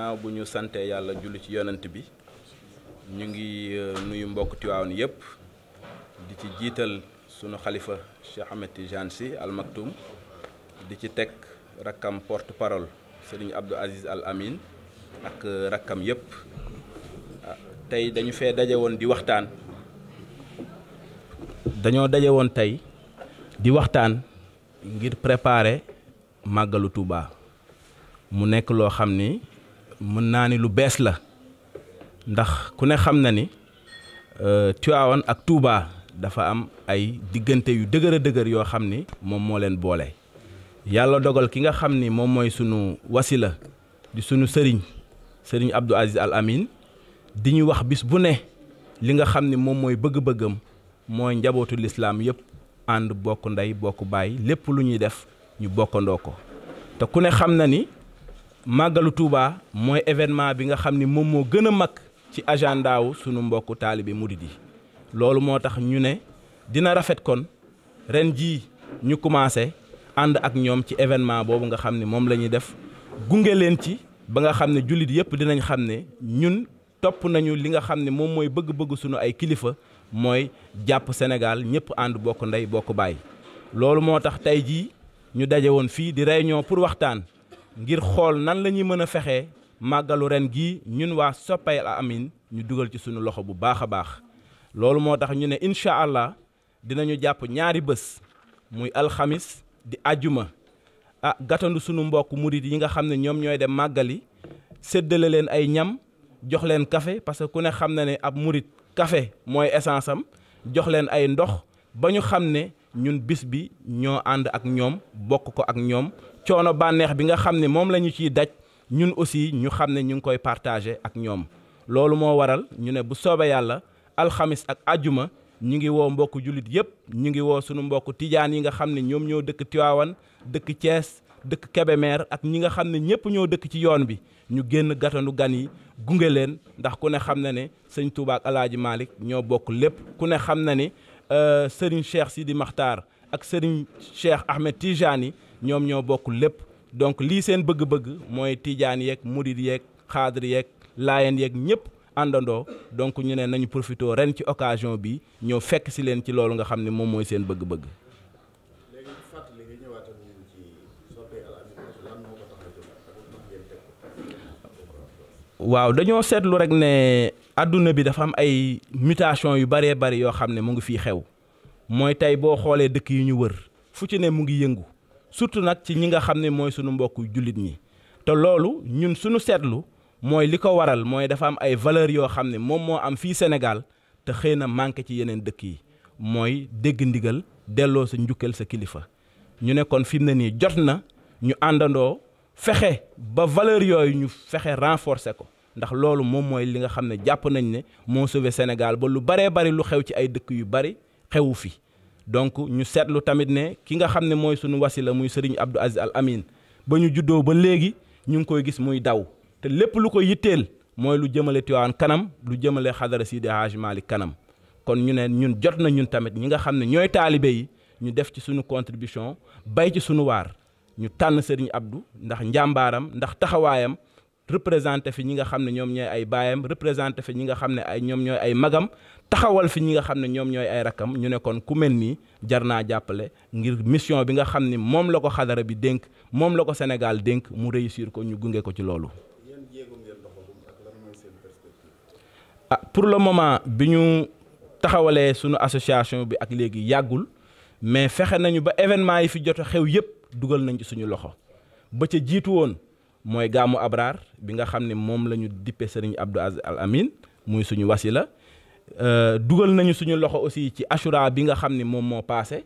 ginnaaw bu ñu santee yàlla julli ci yonant bi ñu ngi euh, nuyu mbokk Tiwaawan yëpp di ci jiital sunu xalifa Cheikh Ahmed Tidiane Sy Al Maktoum di ci teg rakkam porte parole Serigne Abdou Aziz Al Amin ak euh, rakkam yëpp ah, tey dañu fee daje woon di waxtaan dañoo daje woon tey di waxtaan ngir préparer màggalu Touba mu nekk loo xam ni mën naa ni lu bees la ndax ku ne xam na ni euh, Tiwaawan ak Touba dafa am ay diggante yu dëgër dëgër yoo xam ni moom moo leen boole yàlla dogal ki nga xam ni moom mooy sunu wasila di sunu sëriñ sëriñ Abdou Aziz Al Amin di ñu wax bis bu ne li nga xam ni moom mooy bëgg-bëggam mooy njabootu lislaam yëpp ànd bokk ndey bokk baay lépp lu ñuy def ñu bokkandoo ko te ku ne xam na ni. màggalu Touba mooy événement bi nga xam ni moom moo gën a mag ci agenda wu sunu mbokku taalibe murid yi loolu moo tax ñu ne dina rafet kon ren jii ñu commencé ànd ak ñoom ci événement boobu nga xam ne moom la ñuy def gunge leen ci ba nga xam ne jullit yëpp dinañ xam ne ñun topp nañu li nga xam ne moom mooy bëgg-bëgg sunu ay kilifa mooy jàpp Sénégal ñëpp ànd bokk ndey bokk baay. loolu moo tax tey jii ñu daje woon fii di réunion pour waxtaan. ngir xool nan la ñuy mën a fexee màggalu ren gii ñun waa Sopayal Amine ñu dugal ci suñu loxo bu baax a baax loolu moo tax ñu ne incha allah dinañu jàpp ñaari bés muy alxamis di ajuma a ah, gàttandu suñu mbokk murit yi nga xam ne ñoom ñooy dem màggali séddale leen ay ñam jox leen café parce que ku ne xam na ne ab murit kafe mooy essence am jox leen ay ndox ba ñu xam ne ñun bis bi ñoo ànd ak ñoom bokk ko ak ñoom coono bànneex bi nga xam ne moom la ñu ciy daj ñun aussi ñu xam ne ñu ngi koy partagé ak ñoom loolu moo waral ñu ne bu soobee yàlla alxamis ak àjjuma ñu ngi woo mbokku jullit yépp ñu ngi woo sunu mbokku tijaan yi nga xam ne ñoom ñoo dëkk Tiwaawan dëkk Thiès dëkk Kébémer ak ñi nga xam ne ñépp ñoo dëkk ci yoon bi ñu génn gatandu gan yi gunge leen ndax ku ne xam na ne sëñ Touba ak Alaaji Malick ñoo bokk lépp ku ne xam na ni Euh, Serigne Cheikh di Makhtar ak sëriñ Cheikh Ahmed Tijani ñoom ñoo bokk lépp donc lii seen bëgg-bëgg mooy Tijani yeeg Murid yeeg Xaadir yeeg Laayeen yeeg ñëpp àndandoo donc ñu ne nañu profité ren ci occasion bi ñoo fekk si leen ci loolu nga xam ni moom mooy seen bëgg-bëgg. waaw dañoo seetlu rek ne adduna bi dafa am ay mutation yu baree bëri yoo xam ne mu ngi fi xew mooy tey boo xoolee dëkk yi ñu wër fu ci ne mu ngi yëngu surtout nag ci ñi nga xam ne mooy sunu mbokku jullit ñi te loolu ñun suñu seetlu mooy li ko waral mooy dafa am ay valeurs yoo xam ne moom moo am fii Sénégal te xëy na manqué ci yeneen dëkk yi mooy dégg ndigal delloo sa njukkal sa kilifa ñu ne kon fi mu ne nii jot na ñu àndandoo fexe ba valeurs yooyu ñu fexe renforcer ko ndax loolu moom mooy li nga xam ne jàpp nañ ne moo sauvé Sénégal ba lu baree bari lu xew ci ay dëkk yu bari xewu fi donc ñu seetlu tamit ne ki nga xam ne mooy sunu wasila muy Serigne Abdou Aziz Al Amin ba ñu juddoo ba léegi ñu ngi koy gis muy daw te lépp lu ko yitteel mooy lu jëmale Tiwaawan kanam lu jëmale xadara Sidi Hadj Malick kanam kon ñu ne ñun jot na ñun tamit ñi nga xam ne ñooy taalibe yi ñu def ci sunu contribution bay ci sunu waar ñu tànn Serigne Abdou ndax njàmbaaram ndax taxawaayam. représenté fi ñi nga xam ne ñoom ñooy ay baayam représenté fi ñi nga xam ne ay ñoom ñooy ay magam taxawal fi ñi nga xam ne ñoom ñooy ay rakkam ñu ne kon ku mel nii jar naa jàppale ngir mission bi nga xam ni moom la ko xadara bi dénk moom la ko Sénégal dénk mu réussir ko ñu gunge ko ci loolu. ah pour le moment bi ñu taxawalee suñu association bi ak léegi yàggul mais fexe nañu ba événement yi fi jot xew yëpp dugal nañ ci suñu loxo ba jiitu woon. mooy gàmmu abraar bi nga xam ne moom la ñu dippe sëriñ Abdou Aziz Al Amin muy suñu wasila euh, dugal nañu suñu loxo aussi ci assura bi nga xam ne moom moo paase.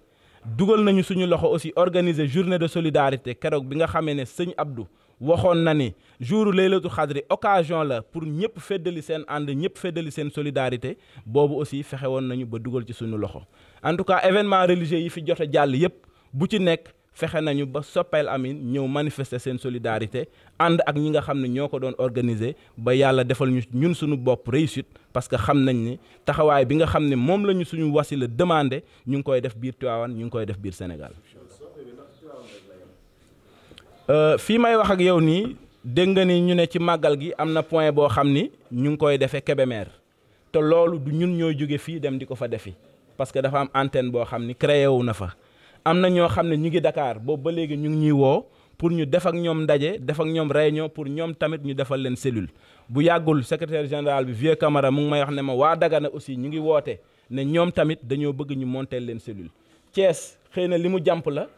dugal nañu suñu loxo aussi organiser journée de solidarité keroog bi nga xamee ne sëñ abdu waxoon na ni jour laylatu xadri occasion la pour ñëpp feddali seen ànd ñëpp feddali seen solidarité boobu aussi fexe woon nañu ba dugal ci suñu loxo en tout cas événement religieux yi fi jot jàll yëpp bu ci nekk. fexe nañu ba soppeel amin ñëw manifester seen solidarité ànd ak ñi nga xam ne ñoo ko doon organiser ba yàlla defal ñu ñun suñu bopp réussite parce que xam nañ ni taxawaay bi nga xam ne moom la ñu suñu wasila demandé ñu ngi koy def biir Tivaouane ñu ngi koy def biir Sénégal. Euh, fii may wax ak yow nii dégg nga ni ñu ne ci màggal gi am na point boo xam ni ñu ngi koy defee Kébémer te loolu du ñun ñoo jóge fii dem di ko fa defi parce que dafa am antenne boo xam ni créé wu na fa. am na ñoo xam ne ñu ngi dakaar boobu ba léegi ñu ngi ñuy woo pour ñu def ak ñoom ndaje def ak ñoom réunion pour ñoom tamit ñu defal leen cellule bu yàggul secrétaire général bi vieux Camara mu ngi may wax ne ma waa Dagana aussi ñu ngi woote ne ñoom tamit dañoo bëgg ñu monter leen cellule Thiès xëy na li mu jàmp la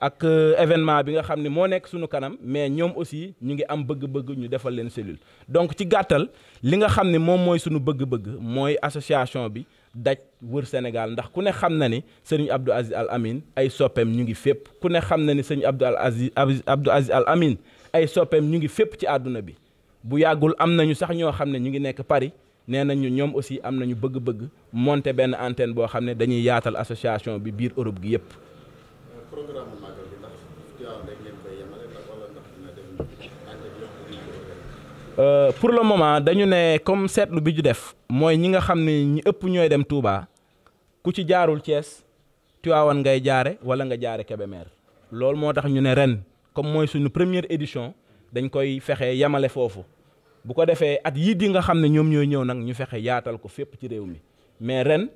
ak euh, événement bi nga xam ne moo nekk suñu kanam mais ñoom aussi ñu ngi am bëgg-bëgg ñu defal leen cellule donc ci gàttal li nga xam ne moom mooy suñu bëgg-bëgg mooy association bi daj wër Sénégal ndax ku ne xam na ni sëriñ Abdou Aziz Al Amin ay soppeem ñu ngi fépp ku ne xam na ni sëriñ Abdou Aziz Abdou Aziz Al Amin ay soppeem ñu ngi fépp ci àdduna bi bu yàggul am nañu sax ñoo xam ne ñu ngi nekk Paris nee nañu ñoom aussi am na ñu bëgg-bëgg monte benn antenne boo xam ne dañuy yaatal association bi biir Europe gi yépp. Euh, pour le moment dañu ne comme seetlu bi ñu def mooy ñi nga xam ne ñi ëpp ñooy dem Touba ku ci jaarul Thiès Tivaouane ngay jaare wala nga jaare Kébémer loolu moo tax ñu ne ren comme mooy suñu première édition dañ koy fexe yamale foofu bu ko defee at yii di nga xam ne ñoom ñooy ñëw nag ñu fexe yaatal ko fépp ci réew mi mais ren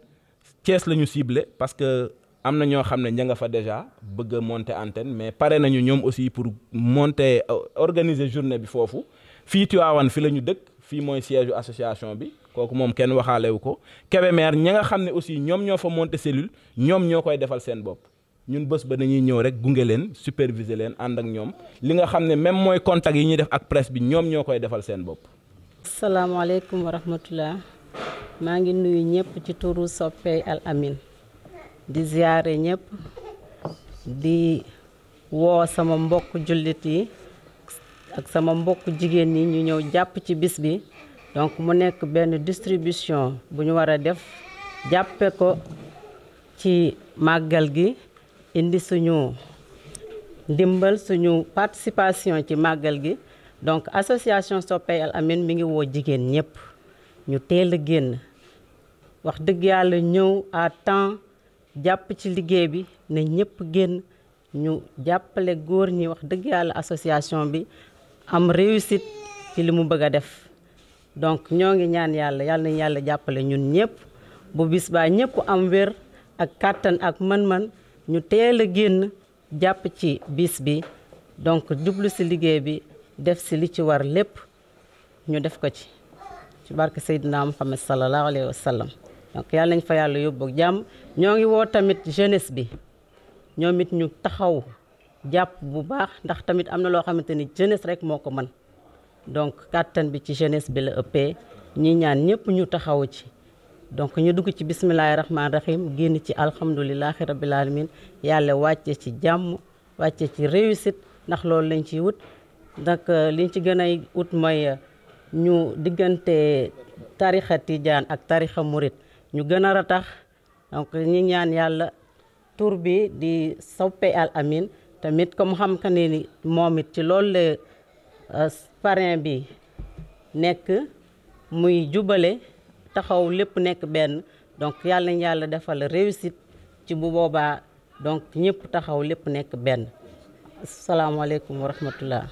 Thiès la ñu ciblé parce que am na ñoo xam ne ña nga fa déjà bëgg monte antenne mais pare nañu ñoom aussi pour monter euh, organiser journée bi foofu fii Tiwaawan fi la ñu dëkk fii mooy siège association bi kooku moom kenn waxaalewu ko Kébémer ña nga xam ne aussi ñoom ñoo fa monter cellule ñoom ñoo koy defal seen bopp ñun bës ba dañuy ñëw rek gunge leen superviser leen ànd ak ñoom li nga xam ne même mooy contact yi ñuy def ak presse bi ñoom ñoo koy defal seen bopp. salaamaaleykum wa rahmatulah maa ngi nuyu ñëpp ci turu soppey Al amin di ziare ñëpp di woo sama mbokk jullit yi. ak sama mbokk jigéen ñi ñu ñëw jàpp ci bis bi donc mu nekk benn distribution bu ñu war a def jàppe ko ci màggal gi indi suñu ndimbal suñu participation ci màggal gi donc association Soppey Al mi ngi woo jigéen ñëpp ñu teel a génn wax dëgg yàlla ñëw à temps jàpp ci liggéey bi ne ñëpp génn ñu jàppale góor ñi wax dëgg yàlla association bi am réussite ci li mu bëgg a def donc ñoo ngi ñaan yàlla yàlla nañu yàlla jàppale ñun ñëpp bu bis baa ñëpp am wér ak kàttan ak man man ñu teel a génn jàpp ci bis bi donc jublu si liggéey bi def si li ci war lépp ñu def ko ci ci barke Seydina Muhammad sallallahu alayhi wa sallam donc yàlla nañ fa yàlla yóbbu jàmm ñoo ngi woo tamit jeunesse bi ñoom it ñu taxaw jàpp bu baax ndax tamit am na loo xamante ni jeunesse rek moo ko mën donc kàttan bi ci jeunesse bi la ëppee ñi ñaan ñëpp ñu taxaw ci donc ñu dugg ci bisimilahi rahmaani rahim génn ci alhamdulilahi rabil alamin yàlla wàcce ci jàmm wàcce ci réussite ndax loolu lañ ciy wut ndax liñ ci gën a wut mooy ñu diggante tarixa tijaan ak tarixa murit ñu gën a ratax donc ñi ñaan yàlla tur bi di soppe al amin tamit comme xam que ni moom it ci loolu la euh, bi nekk muy jubale taxaw lépp nekk benn donc yàlla nañ yàlla defal réussite ci bu boobaa donc ñëpp taxaw lépp nekk benn asalaamaaleykum wa rahmatullah